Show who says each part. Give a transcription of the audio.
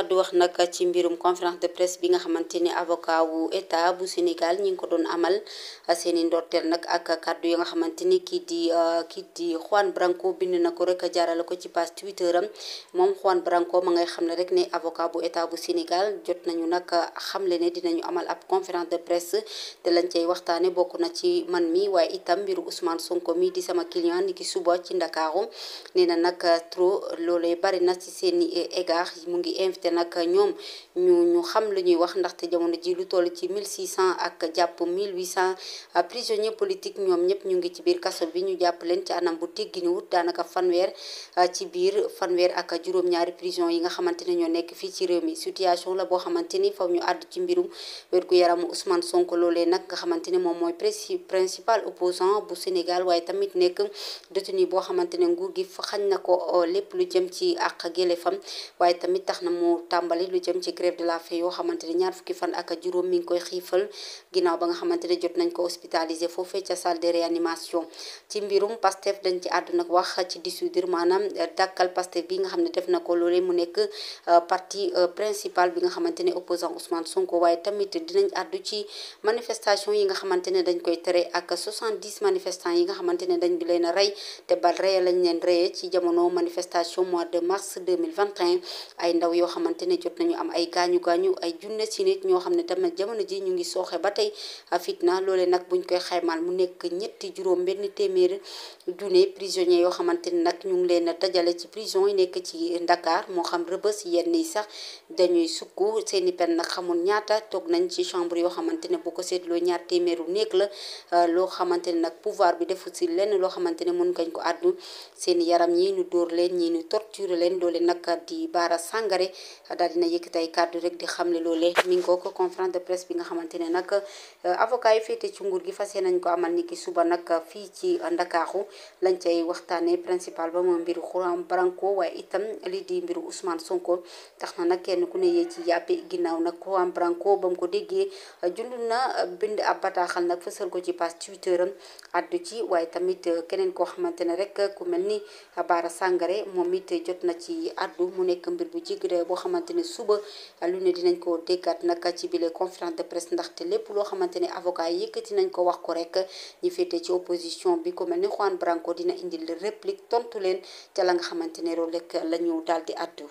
Speaker 1: àddu wax nag ci mbirum conférence de presse bi nga xamante ni avocat wu état ngi ko doon amal seen i ndorteel nag ak kàddu yi nga xamante ni kii di euh, kii di Juan Branco bind na ko rek jaarale ko ci page Twitter am moom Juan Branco ma ngay xam ne rek ne avocat bu état bu Sénégal jot nañu nag xamle ne dinañu amal ab conférence de presse te lañ cay waxtaane bokk na ci man mi waaye itam mbiru Ousmane Sonko mi di sama client niki suba ci Ndakaaru nee na trop loolee bari ci seen égard mu ngi te nag ñoom ñu ñu xam lu ñuy wax ndaxte jamono ji lu toll ci 1600 ak jàpp 1800 euh, prisonniers politiques ñoom ñëpp ñu ngi ci biir kaso bi ñu jàpp leen ci anam bu tegginu wut daanaka fanweer euh, ci biir fanweer ak juróom-ñaari prison yi nga xamante ne ñoo nekk fii ci réew mi situation la boo xamante ni faw ñu àdd ci mbirum wérgu yaramu Ousmane Sonko loolee nag nga xamante ne moom mooy principal opposant bu Sénégal waaye tamit nekk détenu boo xamante ne nguur gi xañ na ko euh, lépp lu jëm ci àq gélé fam waaye tamit mu tàmbali lu jëm ci grève de la faim yoo xamante ni ñaar fukki fan ak juróom mi ngi koy xiifal ginnaaw ba nga xamante ne jot nañ ko hospitalisé foofee de euh, na ko loolee mu nekk euh, parti euh, bi nga xamante ne opposant Ousmane Sonko waaye tamit dinañ yi nga xamante ne dañ koy tere ak 70 manifestants yi nga xamante ne dañ bi leen a rey te bal reye lañ leen reye ci jamono manifestation mois de mars 2021 ay ndaw yoo xamante ne jot nañu am ay gaañu gaañu ay junne si nit ñoo xam ne tamit jamono ji ñu ngi sooxee ba tey fitna loole nag buñ koy xaymaal mu nekk ñetti juróom benn téeméer junne prisonniers yoo xamante ne nag ñu ngi leen a dajale ci prison yi nekk ci Dakar moo xam rëbës yenn yi sax dañuy sukk seeni pen nag xamul ñaata toog nañ ci chambre yoo xamante ne bu ko seetloo ñaar téeméeru néeg la euh, loo xamante ne nag pouvoir bi defu si lenn loo xamante ne mën ngañ ko àddu seen yaram ñi ñu dóor leen ñi ñu torture leen loole nag di baara sàngare daal dina yëkkati ay kàddu rek di xamle loolee mi ngi ko conférence de presse bi nga xamante ne nag euh, avocat yi féete ci nguur gi fas yéene nañ ko amal ni ki suba nag fii ci euh, Ndakaaxu lañ cay waxtaanee principal ba mooy mbiru Juan Branco waaye itam lii di mbiru Ousmane Sonko tax na kenn ku ne ci yàppe ginnaaw nag Juan Branco ba mu ko déggee euh, jund na bind ab bataaxal nag fësal ko ci page Twitter am addu ci waaye tamit keneen koo xamante ne rek ku mel ni Bara Sangaré moom it jot na ci addu mu nekk mbir bu jig boo xamante ne suba lu ne dinañ ko déggaat nag ci bile conférence de presse ndaxte lépp loo xamante ne avocat yëkkati nañ ko wax ko rek ñi féete ci opposition bi ku mel ni Juan Branco dina indil réplique tontu leen te la nga xamante ne rek la ñu daal di addu